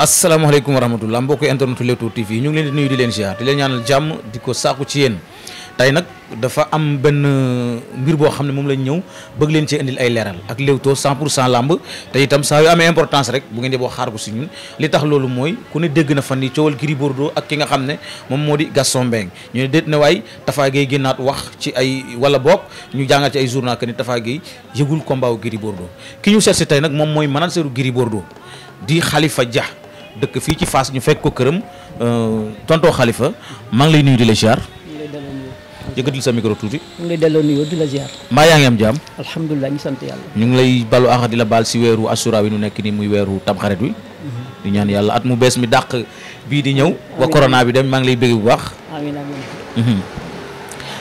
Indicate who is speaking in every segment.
Speaker 1: asalaamaaleykum wa rahmatullah mbokk internetu Leewtoo TV ñu ngi leen di nuyu di leen ziar di leen ñaanal jàmm di ko saaku ci yéen tey nag dafa am benn mbir boo xam ne moom lañ ñëw bëgg leen ci indil ay leeral ak Leewtoo 100 pour cent làmb te itam saa yu amee importance rek bu ngeen di boo xaar ko si ñun li tax loolu mooy ku ne dégg na fan ni coowal Gris Bordeaux ak ki nga xam ne moom moo di Gaston Mbengue ñu ne déet ne waay Tafa Gueye génnaat wax ci ay wala boog ñu jàngal ci ay journal que ni Tafa Gueye yëgul combat wu ki ñu seet tey nag moom mooy manageru Gris Bordeaux di Khalifa Dia dëkk fii ci Fass ñu fekk ko këram euh, tontoo xalifa maa ngi lay nuyu di la ziar. yëkkatil sa micro tuuti.
Speaker 2: lay delloo nuyoo di la
Speaker 1: mbaa yaa ngi am jaam.
Speaker 2: alhamdulilah ñu sant yàlla.
Speaker 1: ñu ngi lay balu ax di la baal si weeru asura wi nu nekk nii muy weeru tamxarit wi. Mhm. di ñaan yàlla at mu bees mi dàq bii di ñëw. wa corona bi dem maa lay bëgg bu baax. amiin amiin. Mhm.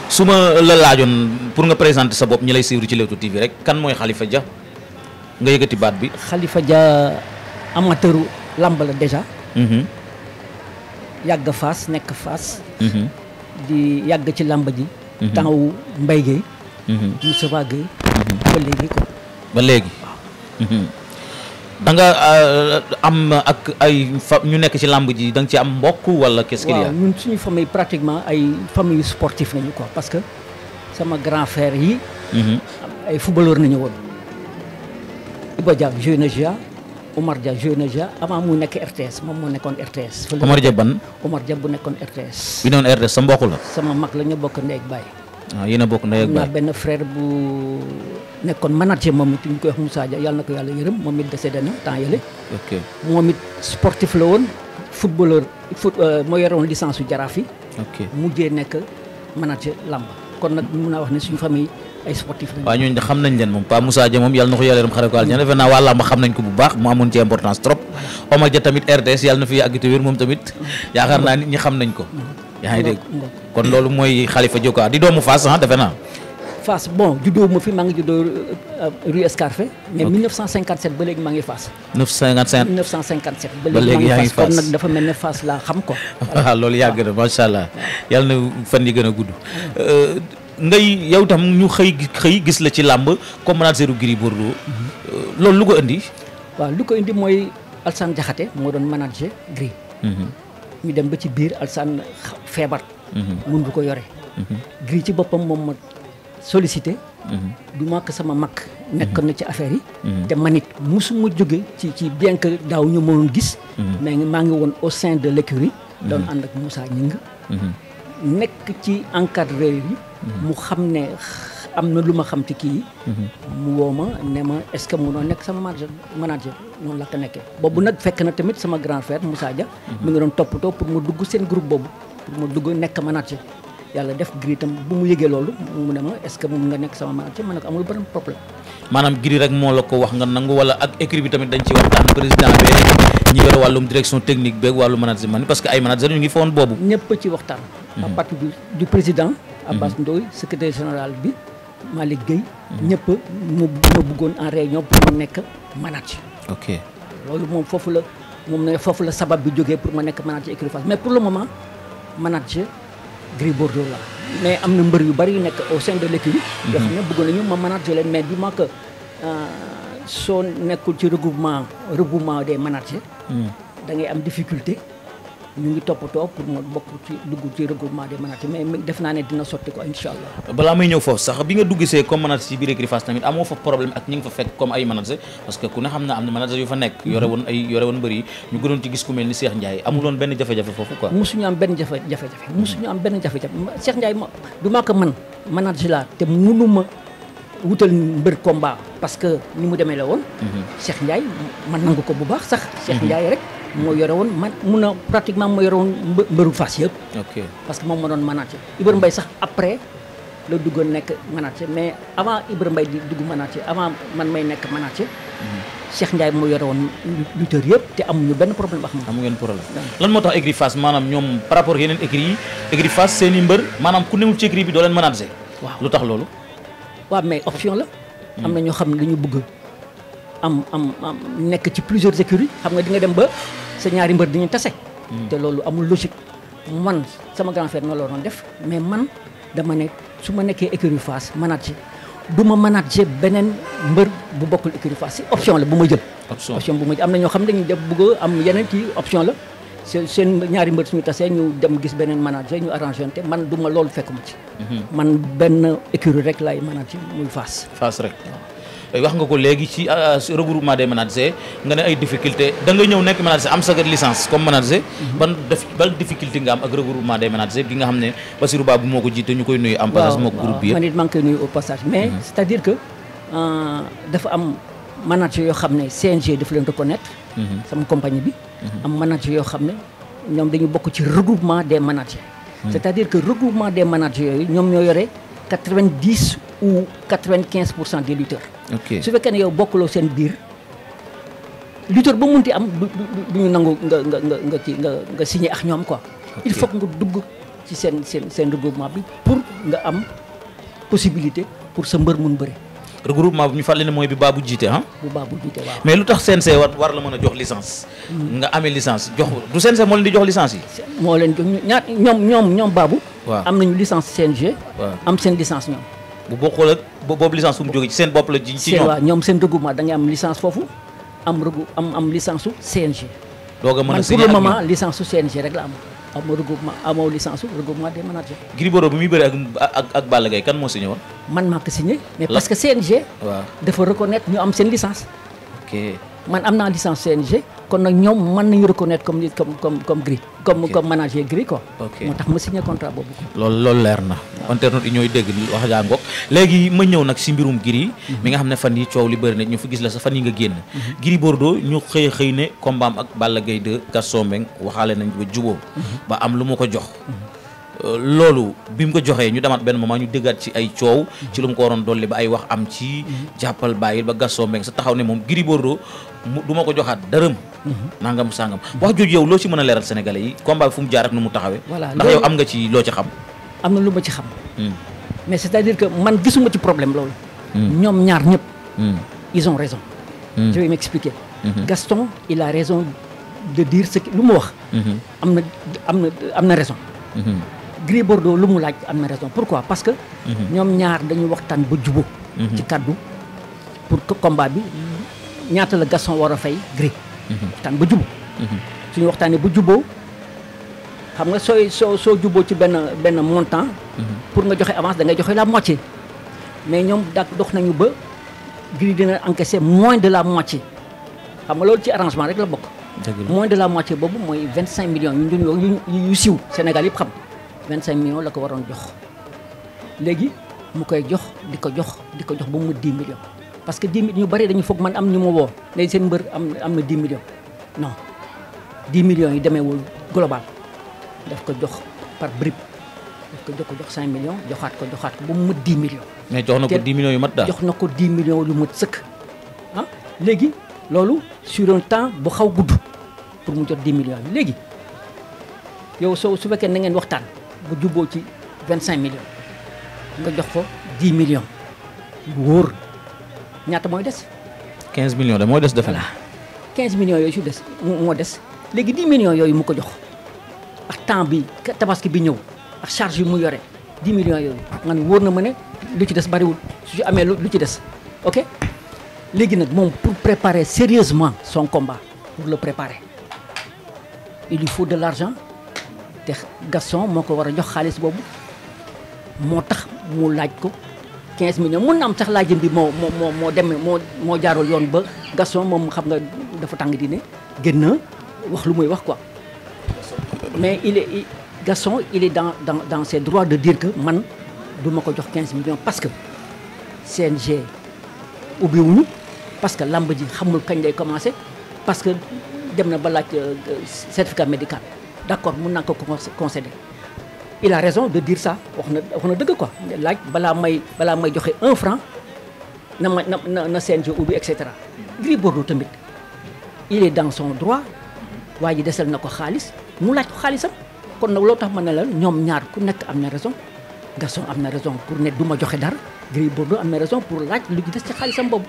Speaker 1: su ma la laajoon pour nga présenter sa bopp ñi lay suivre ci Leewtoo TV rek kan mooy Khalifa ja nga yëkkati baat bi.
Speaker 2: Khalifa Dia amateuru làmb la déjà. Mm-hmm. yàgg fas nekk fas mm-hmm. di yàgg ci làmb ji. Mm-hmm. temps wu Mbaye Guèye. Moustapha Guèye.
Speaker 1: ba léegi ko euh, am ak ay fa ñu nekk ci làmb ji da nga ci am mbokk wala. qu'est-ce qu'il
Speaker 2: y famille pratiquement ay famille sportive nañu quoi parce que sama grand frère yi. ay footballeur nañu woon. Iba Dia joué na Omar Dia jeune ja avant nekk RTS moom moo nekkoon RTS. Omar Dia ban Omar Dia bu nekkoon RTS.
Speaker 1: bi nekkoon RTS la. sama
Speaker 2: mag la ñu bokk ndey ak baay.
Speaker 1: waaw ah, yéen bokk ndey ak baay na
Speaker 2: benn frère bu nekkoon manager moom it ñu koy wax Moussa Dia yàlla na ko yàlla yërëm moom it décédé na temps yële. ok moom it sportif la woon. footballeur foot euh, moo yoroon licence su jaraaf yi. ok mujjee nekk manager làmb kon nag mun naa wax ne suñu famille. ay sportif lañ. waaw ñooñu
Speaker 1: xam nañ leen moom Pa Moussa Dia moom yàlla na ko yàlla yërëm xare ko àljana mm. defe naa waa làmb xam nañ ko bu baax mu amoon ci importance trop Omar Dia tamit RTS yàlla na fi yàgg te moom tamit mm. yaakaar naa mm. nit ñi xam nañ ko. yaa ngi dégg kon loolu mooy Khalifa Dioka di doomu Fass ah defe naa.
Speaker 2: Fass bon juddoo ma fi maa ngi juddoo euh, rue Escarfé. mais ba léegi maa ngi Fass.
Speaker 1: ba
Speaker 2: léegi yaa ngi Fass kon nag dafa mel ne Fass laa xam ko.
Speaker 1: loolu yàgg na macha allah yàlla na fan yi gën a ngay yow tam ñu xëy xëy gis la ci làmb comme manageru Gris Bordeaux mhm. loolu lu ko indi
Speaker 2: waaw lu ko indi mooy Alsane Jaxate moo doon manager Gris mhm. ñu dem ba ci biir Alsane feebar mhm. mun du ko yore Gris ci boppam moom ma sollicité du màkk sama mag nekkoon na ci affaire yi te man it ma jóge ci ci bien daaw ñu mënoon gis mais maa ngi woon au sein de l'écurie doon ànd ak Moussa Gningue nekk ci encadré yi hmm. mu xam ne am na lu ma xam ci kii hmm. mu woo ma ne ma est-ce que mënoo nekk sama manager manager noonu la ko nekkee boobu nag fekk na tamit sama grand frère hmm. mu Dia mi ngi doon toppatoo pour mu dugg seen groupe boobu pour mu dugg nekk manager yàlla def Gris tam bu mu yëgee loolu mu ne ma est-ce que mun nga nekk sama manager ma ne ko amul benn problème
Speaker 1: maanaam Gris rek moo la ko wax nga nangu wala ak écrit bi tamit dañ ci waxtaan président bee ñi yor wàllum direction technique beeg wàllu management parce que ay manager ñu ngi foon boobu.
Speaker 2: ñëpp ci waxtaan. Mhm. à du président. Abbas mhm. Ndoye secrétaire général bi Malick Gueye. Mhm. ñëpp mu ma bëggoon en réunion pour mu nekk manager. ok loolu moom foofu la moom ne foofu la sabab bi jógee pour ma nekk manager écurie Fass mais pour le moment manager Gris Bordeaux la mais am na mbër yu bari yu nekk au sein de l'écurie yoo xam ne bëggoon nañu ma manager leen soo nekkul ci regroupement regroupement des managers. Hmm. da ngay am difficulté ñu ngi toppatoo pour mu bokk ci dugg ci regroupement des managers mais def naa ne dina sotti ko incha allah.
Speaker 1: balaa may ñëw foofu sax bi nga dugg see comme manager ci biir écurie Fass tamit amoo fa problème ak ñi nga fa fekk comme ay manager parce que ku ne xam na am na manager yu fa nekk. yore woon ay yore woon mbër ñu gënoon ci gis ku mel ni Cheikh Ndiaye amul benn jafe-jafe foofu
Speaker 2: wutal mbër combat parce que ni mu demee la woon. Mhm. Cheikh Ndiaye man nangu ko bu baax sax. Cheikh mhm. Ndiaye rek moo yore woon man mun a pratiquement moo yore woon mbëru fas yëpp. ok parce que moom ma doon manager Ibra Mbaye sax après la duggoon nekk manager mais avant Ibra Mbaye di dugg manager avant man may nekk manager. Mhm. Cheikh Ndiaye moo yore woon lutteur yëpp te amuñu benn problème wax nga. amu ngeen problème lan moo tax écurie Fass maanaam
Speaker 1: ñoom par rapport yeneen écurie yi écurie Fass seen i mbër maanaam ku newul ci écurie bi doo leen manager. waaw lu tax loolu.
Speaker 2: waa mais option la. am na ñoo xam ne dañu bëgg am am am nekk ci plusieurs écuries xam nga di nga dem ba sa ñaari mbër dañuy tase. Hmm. te loolu amul logique man sama grand frère noonu la doon def mais man dama ne su ma nekkee écurie Fass manager du ma manager beneen mbër bu bokkul écurie Fass si option la bu ma jël. option bu ma jël am na ñoo xam ne dañuy def bëgg am yeneen kii option la. seen seen ñaari mbër suñu tasee ñu dem gis beneen manager ñu arrangé te man du ma loolu fekkuma ci. Mhm. man benn écurie rek laay manager muy Fass.
Speaker 1: Fass rek eh, wax nga ko léegi ci ah, ah, regroupement des managers nga ne ay difficulté da nga ñëw nekk manager am sa licence comme manager mhm. ban ba ban difficulté nga am ak de des managers bi nga xam ne Basirou Babou moo ko jiite ñu koy nuyu. am passage moo ko groupe bi man
Speaker 2: it maa koy nuyu au passage manager yoo xam ne CNG daf leen reconnaître mhm. sama compagnie bi mhm. am manager yoo xam ne ñoom dañu bokk ci regroupement des managers mhm. c'est-à-dire que regroupement des managers yooyu ñoom ñoo yore quatre-vingt-dix ou quatre vingt pour cent des lutteurs su fekkee ne yow bokkuloo seen biir lutteur ba mun munti am du ñu nangu nga nga nga nga kii nga nga signé ak ñoom quoi il faut que nga dugg ci seen seen seen regroupement bi pour nga am possibilité pour sa mbër mun bëri
Speaker 1: regroupement bu ñu fàttali ne mooy bi baabu jiite ah.
Speaker 2: bu baabu jiite mais
Speaker 1: lu tax CNG war war la mën a jox licence. Hmm. nga amee licence jox
Speaker 2: du CNG moo leen di jox licence yi. moo leen jox ñaar ñoom ñoom ñoom baabu. waaw am nañu licence CNG. am seen licence ñoom.
Speaker 1: bu bokkul ak boobu licence fu mu jógee ci seen bopp la ji ci ñoom. waaw
Speaker 2: ñoom seen regroupement da ngay am licence foofu am am am licence su CNG.
Speaker 1: doog a mën a signé ak man pour moment
Speaker 2: licence su CNG rek la am. amoo regroupement amoo licence regroupement des managers.
Speaker 1: Gris Bordeaux bi muy bëri ak ak ak kan moo signé woon.
Speaker 2: man maa ko signé. mais parce que CNG. waaw dafa reconnaître ñu am seen licence. ok. man am naa licence CNG kon nag ñoom mën nañu reconnaître comme comme comme comme gris comme comme manager gris quoi. ok moo tax ma signé contrat boobu.
Speaker 1: loolu loolu leer na. waaw internautes yi ñooy dégg wax jaa ngoog léegi ma ñëw nag si mbirum gris. Mhm. mi nga xam ne fan yi coow li bëri na ñu fi gis la sa fan yi nga génn. Mhm. gris Bordeaux ñu xëy xëy ne combat am ak Balla Gaye 2 Gaston Mbengue waxaale nañ ba juboo mhm. ba am lu mu ko jox. loolu bi mu ko joxee ñu demaat benn moment ñu déggaat ci ay coow ci lu mu ko waroon dolli ba ay wax am ci jàppal bàyyil ba Gaston Mbengue sa taxaw ne moom Gris Bordeaux mu du ma ko joxaat dërëm nangam sangam wax jooju yow loo ci mën a leeral sénégalais yi combat fu mu jaar ak nu mu taxawee ndax yow am nga ci loo ci xam
Speaker 2: am na lu ma ci xam hmm. mais c'est-à-dire que man gisuma ci problème loolu hmm. ñoom ñaar ñëpp hmm. ils ont raison je vais m'expliquer Gaston il a raison de dire ce lu mu wax am na na am na raison Gris Bordeaux lu mu laaj am na raison pourquoi parce que. ñoom ñaar dañu waxtaan ba jubóo. ci kàddu pour que combat bi ñaata la Gaston war a fay Gris. waxtaan ba jubóo. suñu waxtaanee ba jubóo xam nga sooy soo soo jubo ci benn benn montant. pour nga joxe avance da ngay joxe la moitié. mais ñoom dak dox nañu ba Gris dina encaisser moins de la moitié xam nga loolu ci arrangement rek la bokk. moins de la moitié boobu mooy vingt cinq millions yu ñu yu siiw Sénégal yëpp xam. 25 millions la ko waroon jox léegi mu koy jox di ko jox di ko jox ba mu 10 millions parce que 10 millions ñu bari dañu foog man am ñu ma woo seen mbër am am na 10 millions millions yi demeewul global daf ko jox par bribe daf ko jox ko jox 5 millions joxaat ko joxaat ko ba mu 10 millions.
Speaker 1: mais jox na ko 10 millions yu mat daal jox
Speaker 2: na ko 10 millions yu mat sëkk ah léegi loolu sur temps bu xaw gudd pour mu jot 10 millions léegi yow soo su fekkee na ngeen waxtaan. bu jubboo ci vingt cinq millions nga jox ko dix millions wóor ñaata mooy des.
Speaker 1: quinze millions de moo des defe naa.
Speaker 2: quinze millions yooyu su des moo des léegi dix yooyu mu ko jox ak temps bi tabaski bi ñëw ak charge yu mu yore dix millions yooyu nga ne wóor na ma ne lu ci des bariwul su ci amee lu ci des ok léegi nag moom pour préparer sérieusement son combat pour le préparer il lui faut de l'argent te Gaston moo ko war a jox xaalis boobu moo tax mu laaj ko 15 millions mun na am sax laajin bi moo moo moo moo demee moo moo jaarul yoon ba Gaston moom xam nga dafa tàng di ne gën na wax lu muy wax ko mais il est il, Gaston il dans dans dans ses droits de dire man du ma ko jox 15 millions parce que CNG ubbiwuñu parce que lamb ji xamul kañ lay commencé parce que dem na ba laaj euh, certificat médical. d'accord mun naa ko concéder il a raison de diir sax wax na wax na dëgg ko laaj balaa may balaa may joxe un franc na ma na na CNG ubbi et cetera. Gris Bordeaux tamit il est dans son droit waa ji desal na ko xaalis mu laaj ko xaalisam kon nag loo tax ma ne la ñoom ñaar ku nekk am na raison Gaston am na raison pour ne du ma joxe dara Gris Bordeaux am na raison pour laaj lu ci des ci xaalisam boobu.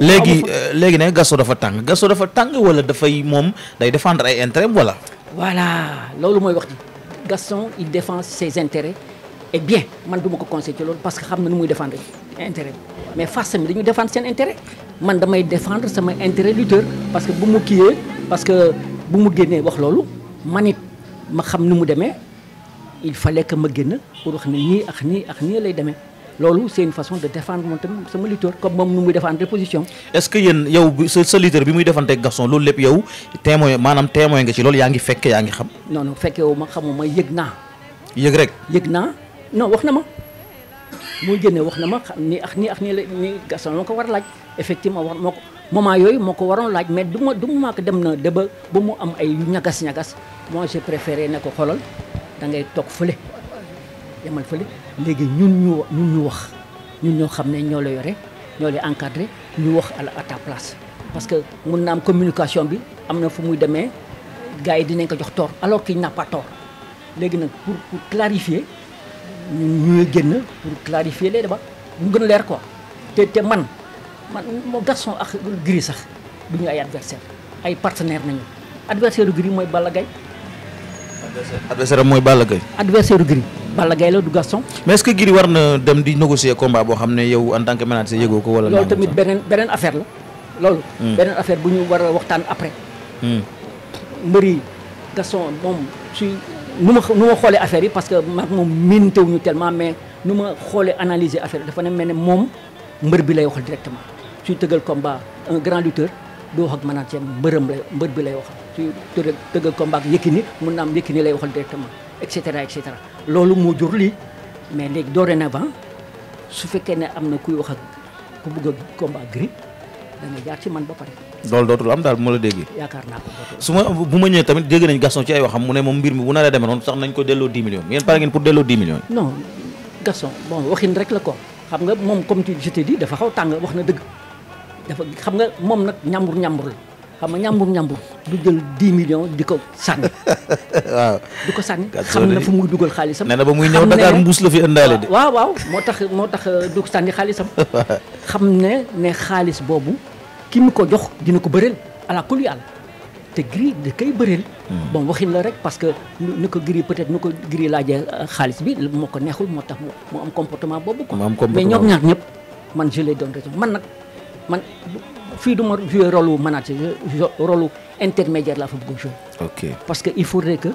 Speaker 2: léegi
Speaker 1: euh, léegi ne Gaston dafa tàng Gaston dafa tàng wala dafay moom day défendre ay intérêt wala.
Speaker 2: voilà loolu mooy wax ji Gaston il défend ses intérêts et eh bien man du ma ko conseil ci loolu parce que xam na nu muy défendre intérêt mais face mi dañuy défendre seen intérêt man damay défendre sama intérêt lutteur parce que bu mu kiiyee parce que bu mu génnee wax loolu man it ma xam ni mu demee il fa que ma génn pour wax ne nii ak nii ak nii lay demee loolu c' une façon de défendre moom tamit sama lutteur comme moom nu muy défendre position
Speaker 1: est ce que yéen yow sa lutteur bi muy défendre Gaston loolu lépp yow témoin maanaam témoin nga ci loolu yaa ngi fekke yaa ngi xam
Speaker 2: non non fekke wu ma xamuma yëg naa yëg rek yëg naa non wax na ma muy génne wax na ma ni ak ni ak ni la ni Gaston moo ko war a laaj effectivement war moo ko moment yooyu moo ko waroon laaj mais du ma du ma ko dem na de ba ba mu am ay ñagas-ñagas moi j'ai préféré ne ko xoolal da ngay toog fële demal fële léegi ñun ñu ñun ñu wax ñun ñoo xam ne ñoo la yore ñoo la encadré ñu wax à a place. parce que mun na am communication bi am na fu muy demee gars yi dinañ ko jox toor alors qu'il n'a pas léegi nag pour pour clarifier ñu ñuy génn pour clarifier les débats mu gën leer quoi te te man man moo garçon ak Gris sax duñu ñu ay adversaire ay partenaire nañu adversaire Gris mooy Balla Gaye
Speaker 1: adversaire mooy Balla Gaye
Speaker 2: adversaire Gris Balla Gaye la du Gaston.
Speaker 1: mais est-ce que Gris war na dem di négocier combat boo xam ne yow en tant que manager yëgoo ko. wala loolu tamit beneen
Speaker 2: beneen affaire la. loolu. Hmm. beneen affaire bu ñu war a waxtaan après. Hmm. mbër yi Gaston moom suy nu ma nu ma xoolee affaire yi parce que maag moom miintewuñu tellement mais nu ma xoolee analyser affaire dafa ne mel ne moom mbër bi lay waxal directement suy tëggal combat un grand lutteur. doo wax ak manager mbërëm lay mbër bi lay waxal suy tëggal combat ak Yékini mun naa am Yékini lay waxal directement et cetera et cetera loolu moo jur lii mais léegi dorénavant su fekkee ne am na kuy wax ak ku bëgg a combat Gris da nga jaar ci man ba pare.
Speaker 1: loolu dootul am daal bu ma la déggee. yaakaar naa ko su ma bu ma ñëwee tamit dégg nañ Gaston ci ay waxam mu ne moom mbir mi bu naree demee noonu sax nañ ko delloo 10 millions yéen pare ngeen pour delloo 10 millions.
Speaker 2: non Gaston bon waxin rek la ko xam nga moom comme je t'ai dit dafa xaw tàng wax na dëgg dafa xam nga moom nag ñambur ñambur la. xam nga ñambur ñambur du jël 10 millions di ko sànni. waaw di ko sànni. xam na fu muy dugal xaalisam. nee na ba muy ñëw Dakar mbuus la fi ëndaale de. waaw waaw moo tax moo tax euh, du sànni xaalisam. xam ne ne xaalis boobu ki mu ko jox dina ko bëreel ala kulli àll te Gris da koy bëreel. Hmm. bon waxin la rek parce que nu ko Gris peut-être nu ko Gris laajee euh, xaalis bi moo ko neexul moo tax mu am comportement boobu. ko am comportement mais ñoom ñaar ñëpp man je les donne man nag man. fii du ma jouer rôle manager rôle intermédiaire laa fa bëgg a
Speaker 1: jouer.
Speaker 2: parce que il faudrait que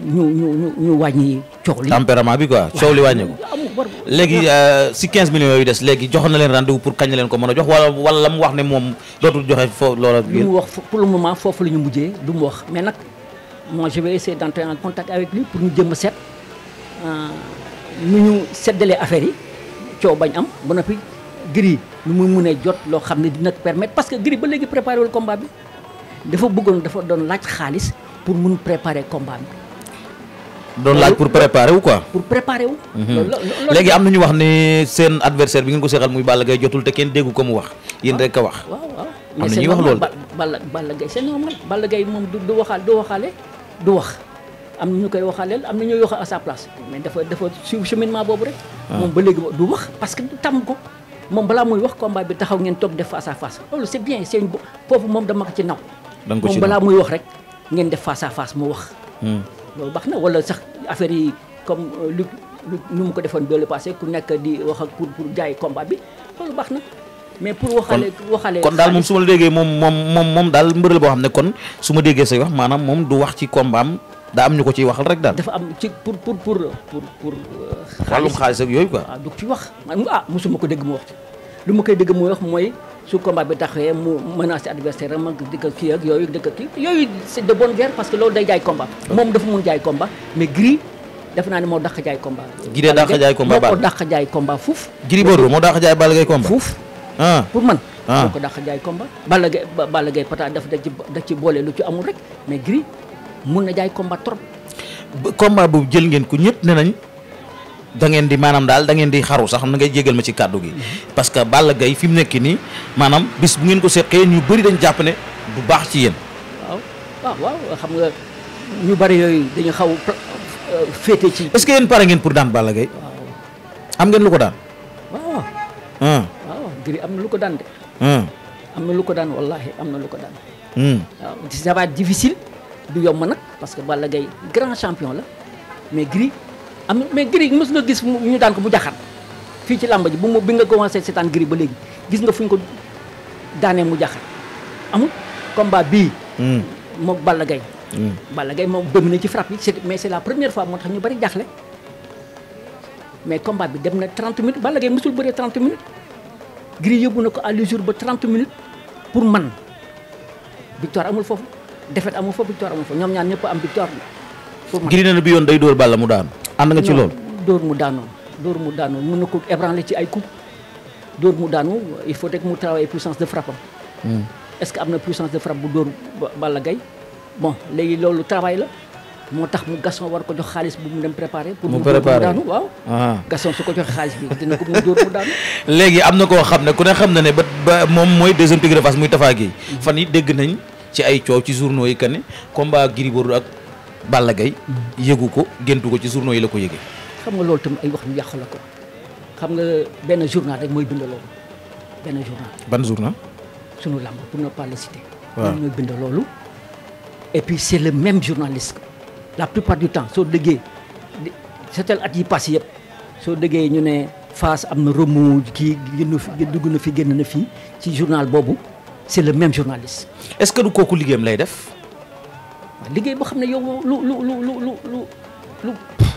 Speaker 2: ñu ñu ñu ñu wàññi coow li. tempérament
Speaker 1: bi quoi coow li wàññi ko. léegi euh, si 15 millions yooyu des léegi joxo na leen rendez pour kañ leen ko mën a jox wala wala la mu wax ne moom dootul joxe foofu loola. lu mu
Speaker 2: wax pour le moment foofu la ñu mujjee du mu wax mais nag moi je vais essayer d'entrer en contact avec lui pour ñu jëm a seet euh, nu ñu seddalee affaire yi coow bañ am ba Gris lu mu mun jot loo xam ne dina permettre parce que Gris ba léegi préparé wul combat bi dafa bëggoon dafa doon laaj xaalis pour mun préparer combat
Speaker 1: doon laaj pour préparer wu quoi.
Speaker 2: pour préparer wu. Mhm. léegi am
Speaker 1: na ñu wax ne seen adversaire bi ngeen ko seexal muy Balla gay jotul te kenn déggu ko mu wax. yéen rek a wax. waaw waaw mais c' est normal
Speaker 2: Balla Balla Gaye c' est normal Balla Gaye moom du waxaal du waxaale du wax am na ñu koy waxaaleel am na ñuy wax a sa place mais dafa dafa suivre boobu rek. Ah. moom balaa muy wax combat bi taxaw ngeen toog def face à face loolu c'est bien c'est foofu moom dama ko ci naw.
Speaker 1: moom balaa muy wax
Speaker 2: rek ngeen def face à face mu wax. Hmm. loolu baax na wala sax affaire yi comme lu euh, lu nu mu ko defoon bële passé ku nekk di wax ak pour pour jaay combat bi loolu baax na. mais pour waxale waxale kon daal moom su ma la
Speaker 1: déggee moom moom moom moom daal mbëral boo xam ne kon su ma déggee say wax maanaam moom du wax ci kombaam daa am ñu ko ciy waxal rek daal. dafa
Speaker 2: am ci pour pour pour pour pour. Euh, wàllum yooyu quoi. waaw ah, du ci wax ah mosuma ko dégg mu wax ci lu ma koy dégg mu wax mooy su combat bi taxawee mu menacé adversaire am ak kii ak yooyu di kii yooyu c'est de bonne guerre parce que loolu day jaay combat. moom dafa mun jaay combat mais ko dàq jaay combat fuuf.
Speaker 1: Gris Bordeaux moo dàq jaay Balla Gaye combat fuuf. Ah. pour man. boo ah. ko
Speaker 2: dàq jaay combat. Balla Gaye Balla Gaye pata daf da ci da ci boole lu ci amul rek mais Gris mun na jaay combat trop.
Speaker 1: combat boobu jël ngeen ko ñëpp ne nañ da ngeen di maanaam daal da ngeen di xaru sax na ngay jégal ma ci kàddu gi. Mm-hmm. parce que Balla Gaye fi mu nekk nii maanaam bis bu ngeen ko seqee ñu bëri dañ jàpp ne bu baax ci yéen.
Speaker 2: waaw waaw ah, waaw xam nga ñu bëri yooyu dañu xaw
Speaker 1: euh, féete ci. est-ce que yéen pare ngeen pour daan Balla Gaye. am ngeen lu ko daan.
Speaker 2: giri am na lu ko daan am lu ko daan wallahi am na lu ko daan. Hmm. waaw ça va difficile du yomb nag parce que Balla Gaye grand champion la mais giri am mais giri mës nga gis ñu daan ko mu jaxar fii ci làmba ji bu mu bi nga commencé seetaan giri ba léegi gis nga fu ñu ko daanee mu jaxar amul combat bii. Hmm. moom Balla Gaye. Hmm. Balla Gaye moom dominé ci frappe yi mais c'est la première fois moo tax ñu bari jaaxle mais combat bi dem na 30 minutes Balla Gaye mësul bëree 30 minutes. Gris yóbbu na ko à l'usure ba trente minutes pour man victoire amul foofu défaite amul foofu victoire amul foofu ñoom ñaar ñëpp am victoire pour man. Gris
Speaker 1: na bi yoon day dóor Balla mu daanu. ànd nga ci loolu
Speaker 2: dóor mu daanoon dóor mu daanoon mun na ko ébranler ci ay coups dóor mu daanu il faut rek mu travailler puissance de frappe hmm. est-ce que am na puissance de frappe bu dóor Balla gay bon léegi loolu travail la. moo tax mu Gaston war ko jox xaalis bu mu dem préparé. pour mu préparé ah. ko joxe xaalis bi dina ko mu dóor
Speaker 1: léegi am na koo xam ne ku ne xam na ne ba ba moom mooy deuxième tigre face muy Tafa Gueye. Mm-hmm. fan yi dégg nañ ci ay coow ci journaux yi que ne combat Gris Bordeaux ak Balla Gaye mm-hmm. yëgu ko géntu ko ci journaux yi la ko yëgee.
Speaker 2: xam nga loolu tam ay wax yu yàqu la ko xam nga benn journal rek mooy bind loolu benn journal. ban journal. pour ne pas le waaw mooy bind loolu. et puis c'est le même journaliste. la plupart du temps soo déggee seetal at yi passé yëpp soo déggee ñu ne Fass am na remous kii génn fi dugg na fi génn na fii ci journal boobu c'est le même journaliste. est-ce que du kooku liggéeyam lay def. liggéey boo xam ne yow lu lu lu lu lu lu.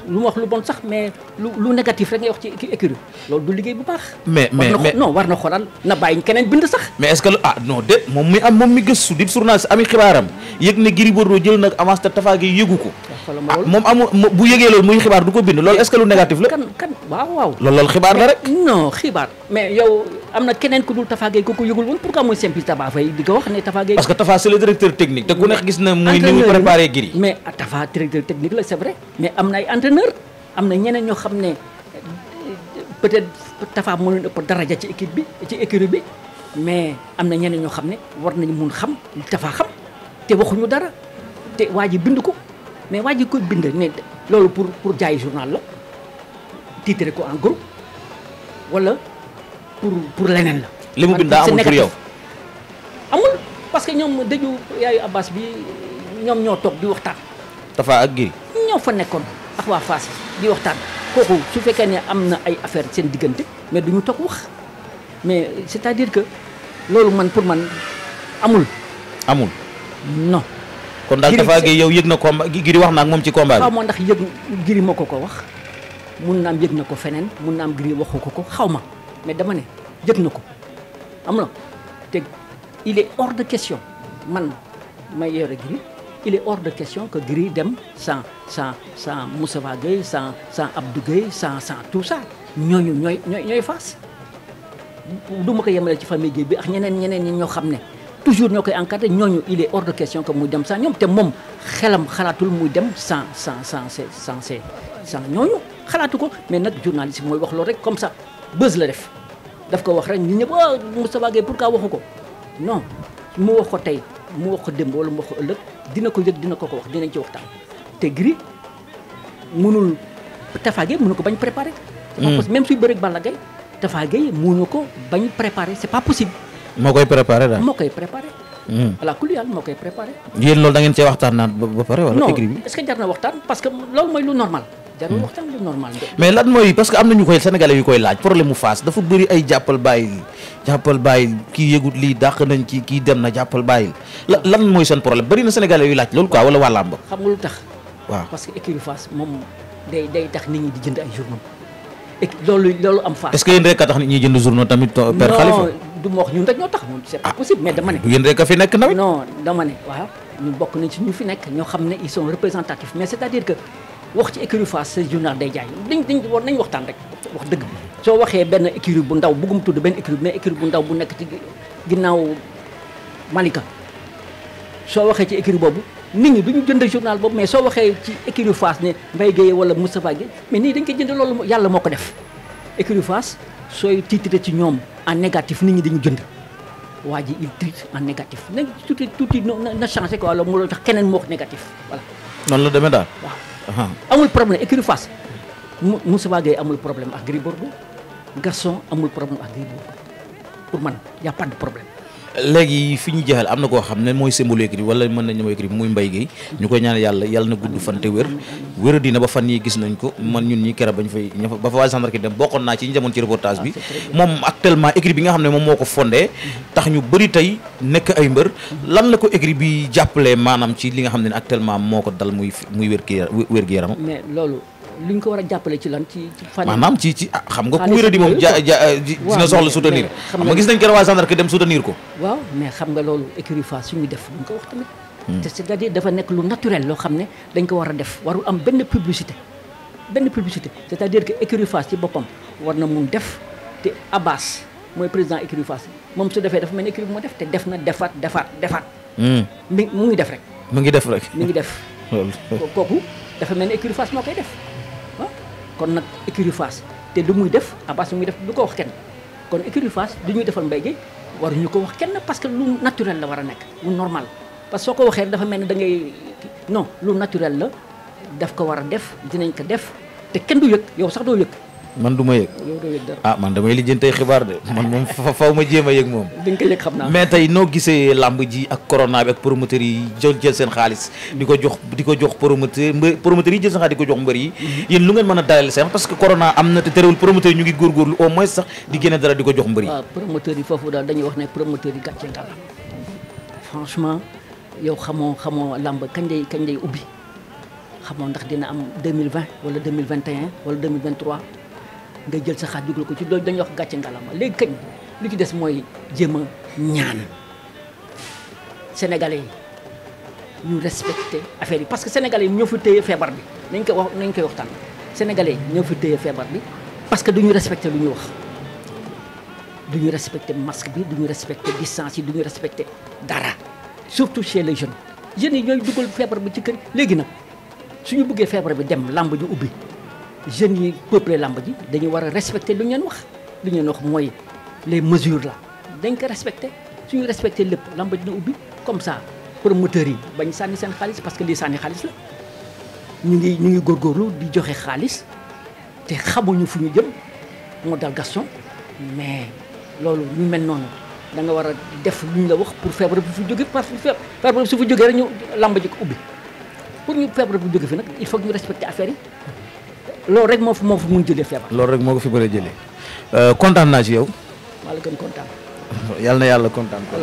Speaker 2: lu mu wax lu bon sax mais lu lu négatif rek ngay wax ci écurie loolu du liggéey bu baax.
Speaker 1: mais mais mais
Speaker 2: war na xoolal na bàyyi keneen bind sax.
Speaker 1: mais est-ce que ah moom mi am moom mi gëstu di journaliste ami xibaaram yëg ne Gris Bordeaux jël nag avance te Tafa yëgu ko. Ah, ah, moom amul bu yëgee loolu muy xibaar du ko bind loolu est-ce la. kan kan
Speaker 2: waaw waaw. loolu loolu xibaar la rek. non xibaar mais yow. am na keneen ku dul Tafa Gueye ko ko yëgul woon pourquoi mooy simple Tafa Faye di ko wax ne Tafa Gueye. parce que Tafa c'est le directeur technique. te ku nekk gis na muy ni muy préparé giri. Ah, mais am na ay entraîneur am na ñeneen ñoo xam ne peut-être Tafa moo leen ëpp daraja ci équipe bi ci écurie bi mais am na ñeneen ñoo xam ne war nañu mun xam li xam te waxuñu dara te waa ji bind ko mais waa ji koy bind ne loolu pour pour jaay journal la titre ko en gros pour pour leneen la.
Speaker 1: li mu bind daa amul pour yow
Speaker 2: amul parce que ñoom dëju yaayu Abbas bi ñoom ñoo toog di waxtaan. dafa ak Giri. ñoo fa nekkoon ak waa Fass di waxtaan kooku su fekkee ne am na ay affaire seen diggante mais duñu toog wax mais c'est-à-dire que loolu man pour man amul.
Speaker 1: amul. non. kon daal Tafa gi yow yëg na combat Giri wax naa ak moom ci combat bi. xaw ma
Speaker 2: ndax yëg Giri moo ko ko wax mun na am yëg na ko feneen mun na am Giri waxu ko ko xaw ma. mais dama ne jëg na ko am na te il est hors de question man may yore Gris il est hors de question que Gris dem sans sans sans Moustapha Gueye sans sans Abdou Gueye sans sans tout ça ñooñu ñooy ñooy ñooy Fass du ma ko yemale ci famille Gueye bi ak ñeneen ñeneen ñi ñoo xam ne toujours ñoo koy encadré ñooñu il est hors de question que muy dem sans ñoom te moom xelam xalaatul muy dem sans sans sans sans sans ñooñu xalaatu ko mais nag journaliste mooy wax loolu rek comme ça bës la def daf ko wax rek ñu mu waaw Moustapha pour ka waxu ko non mu wax ko tey mu wax ko démb wala mu wax ko ëllëg dina ko yëg dina ko ko wax dinañ ci waxtaan te Gris mënul Tapha Gueye mënu ko bañ préparer. Hmm. même suy bëreeg Balla Gaye Tapha Gueye ko bañ préparer c'est pas possible.
Speaker 1: moo koy préparer daal moo koy préparer. voilà
Speaker 2: hmm. ku yàlla moo koy préparer.
Speaker 1: yéen loolu da ngeen waxtaan naan ba pare wala. écrit bi non
Speaker 2: que jar na waxtaan parce que loolu mooy lu normal. jarul hmm. waxtaan lu normal
Speaker 1: mais lan mooy parce que am na ñu koy sénégalais yu koy laaj problème mu dafa bëri ay jàppal bàyyil jàppal bàyyil kii yëgut lii dàq nañ ci dem na jàppal bàyyil la hmm. lan mooy seen problème bëri na sénégalais laaj loolu quoi
Speaker 2: am Fass est-ce rek
Speaker 1: a tax nit ñi jënd journaux tamit euh, Père Khalifa
Speaker 2: du ma wax ah. ne du
Speaker 1: yéen rek a fi nekk
Speaker 2: nawet non dama ne waaw ñun bokk nañ ci ñu fi nekk ñoo xam ne ils sont représentatifs mais c'est-à-dire que wax ci écurie Fass sa journal day jaay dañ dañ war nañ waxtaan rek wax dëgg soo waxee benn écurie bu ndaw bëggum tudd benn écurie mais écurie bu ndaw bu nekk ci ginnaaw Malika soo waxee ci écurie boobu nit ñi du ñu jënd journal mais soo waxee ci écurie Fass ne Mbaye wala Moustapha Guèye mais nii dañ koy jënd loolu yàlla moo ko def écurie Fass sooy titre ci ñoom en négatif nit ñi dañu jënd waa ji il titre en négatif nañ tuuti tuuti na changé ko quoi loolu moo tax keneen moo wax négatif voilà
Speaker 1: noonu la demee daal Uh-huh.
Speaker 2: amul problème écurie mu Moussa Gueye amul problème agribor Gris Bordeaux amul problème ak Gris Bordeaux pour man y' de problème.
Speaker 1: léegi fi ñu jeexal am na koo xam ne mooy symbole écrit wala mën nañ ne mooy écrit muy mbay gi ñu koy ñaan yàlla yàlla na gudd fan te wér wér dina ba fan yi gis nañ ko man ñun ñi kera bañ fay ba fa waa gendarmerie dem bokkoon naa ci ñu demoon ci reportage bi ah, moom actuellement écrit bi nga xam ne moom moo ko fondé tax ñu bari tey nekk ay mbër lan la ko écrit bi jàppale maanaam ci li nga xam ne actuellement moo ko dal muy muy wér gi yaram mais
Speaker 2: loolu li ñu ko war a jàppale ci lan ci ci fan maanaam ci
Speaker 1: ci ah, xam nga ku wéradi moom ja ja euh, dina soxla soutenir xam nga ko
Speaker 2: waaw mais xam nga loolu écurie Fass suñu def duñ ko wax tamit hmm. te dafa nekk lu naturel loo xam ne dañ ko war a def warul am benn publicité benn publicité c'est-à-dire que écurie Fass ci boppam war na mun def te Abbas mooy président écurie Fass moom su defee dafa mel ni écurie bu def te def na defaat defaat defaat hmm. mi mu ngi rek mu ngi def rek mu ngi def kooku dafa mel ni kon nag écurie te lu muy def Abass muy def du ko wax kenn kon écurie Fass du ñuy defal Mbaye Guèye ñu ko wax kenn parce que lu naturel la war a nekk lu normal parce que soo ko waxee dafa mel ni dangay non lu naturel la daf ko war a def dinañ ko def te kenn du yëg yow sax doo yëg
Speaker 1: man du ma yëg ah man damay lijjantee xibaar de man moom faw ma jéem a yëg moom
Speaker 2: di mais
Speaker 1: tey noo gisee làmb ji ak corona bi ak promoteurs yi jël seen xaalis di ko jox di ko jox promoteur promoteurs yi jël seen xaalis di ko jox mbari yi mhm. yéen lu ngeen mën a dalal seen parce que corona am na te terewul promoteurs yi ñu ngi góorgóorlu au moins sax di génne dara di ko jox mbër
Speaker 2: yi yi foofu daal dañuy wax ne promoteurs yi gàcce ngala franchement yow xamoo xamoo làmb kañ lay kañ lay ubbi xamoo ndax dina am 2020 wala 2021 wala 2023 nga jël sa xaaj dugal ko ci loolu dañuy wax gàcce ngalama léegi kañ lu ci des mooy jéem a ñaan sénégalais yi ñu respecté affaire yi parce que sénégalais yi ñoo fi téye feebar bi nañ koy wax nañ koy waxtaan sénégalais yi ñoo fi téye bi parce que du duñu respecté lu ñuy wax du duñu respecté masque bi duñu respecté distance yi duñu respecté dara surtout chez les jeunes jeune yi ñooy dugal feebar bi ci kër léegi nag suñu bëggee feebar bi dem làmba ji ubbi jeunes yi peuple làmb ji dañu war a respecter lu ñu wax lu ñu leen wax mooy les mesures la dañ ko respecter suñu respecter lépp làmb ji na ubbi comme ça promoteurs yi bañ sànni seen xaalis parce que lii sànni xaalis la ñu ngi ñu ngi góor góorgóorlu di joxe xaalis te xamuñu fu ñu jëm moo dal Gaston mais loolu ñu mel noonu da nga war a def lu ñu la wax pour fu bu fi jóge parce que feebar su fi jógee rek ñu làmb ji ko ubbi pour ñu feebre bu jóge fi nag il faut ñu respecter affaire loolu rek moo fi moo fi mun jëlee feebar. loolu rek moo fi mën a jëlee euh, kontaan naa ci yow. maa la
Speaker 1: na yàlla kontaan ko.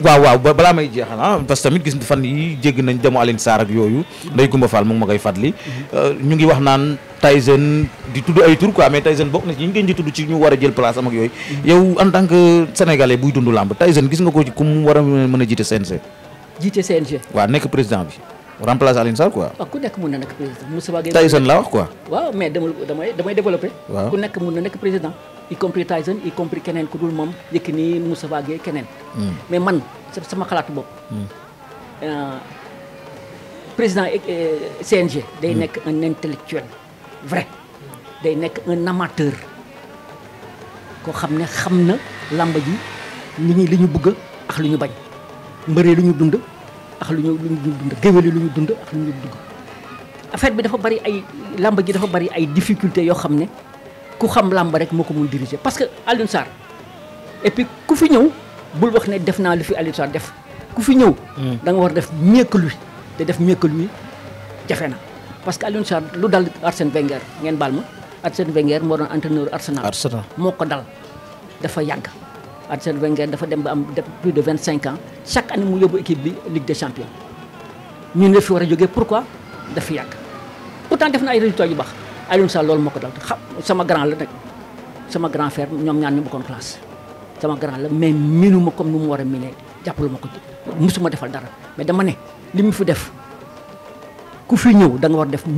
Speaker 1: waaw waaw ba balaa may jeexal ah parce que tamit gis nga fan yi jégg nañ demu Alioune Sarr ak yooyu. Mm-hmm. Ndeye Coumba Fall mu ngi ma koy fàttali. Mm-hmm. Euh, ñu ngi wax naan Tyson di tudd ay tur quoi mais Tyson bokk na ci ñi ngeen ci ñu war a jël yooyu. Mm-hmm. yow en tant que sénégalais buy dund làmb Tyson gis nga ko ci ku war a mën a jiite CNG.
Speaker 2: jiite CNG.
Speaker 1: waa nekk président bi. remplacer Alioune Sarr quoi.
Speaker 2: waaw ku nekk mun na nekk président Moussa Gueye. Tyson laa wax quoi. waaw mais damay damay damay développé. waaw ku nekk mun na nekk président. y compris Tyson y compris keneen ku dul moom Yékini Moussa Gueye keneen. mais hmm. man sama xalaatu bopp. Hmm. Eh, président eh, eh, CNG. day hmm. nekk un intellectuel vrai. day nekk un amateur. koo xam ne xam na làmb ji nit ñi li ñu bëgg ak li ñu bañ mbëree lu ñu dund. ak lu ñu lu ñu dund géwél lu ñu dund ak lu ñu dugg affaire bi dafa bari ay làmb ji dafa bari ay difficulté yoo xam ne ku xam làmb rek moo ko mun diriger parce que Alioune Sarr et puis ku fi ñëw bul wax ne def naa lu fi Alioune def ku fi ñëw hmm. da nga war def mieux que lui te def mieux que lui jafe na parce que Alioune Sarr lu dal Arsène Wenger ngeen baal ma Arsène Wenger moo doon entraîneur Arsenal moo ko dal dafa yàgg Arsène Wenger dafa dem ba am plus de vingt cinq ans chaque année mu yóbbu équipe bi Ligue des champions ñun la fi war a jógee pourquoi dafa yàgg. pourtant def na ay résultats yu baax Aliou Sall loolu moo ko dal xam sama grand la nag sama grand frère ñoom ñaan ñu bokkoon classe sama grand la mais miinu ma comme nu mu war a miinee jàppalu ma ko musuma defal dara mais dama ne li mu fi def ku fi ñëw
Speaker 1: da war def.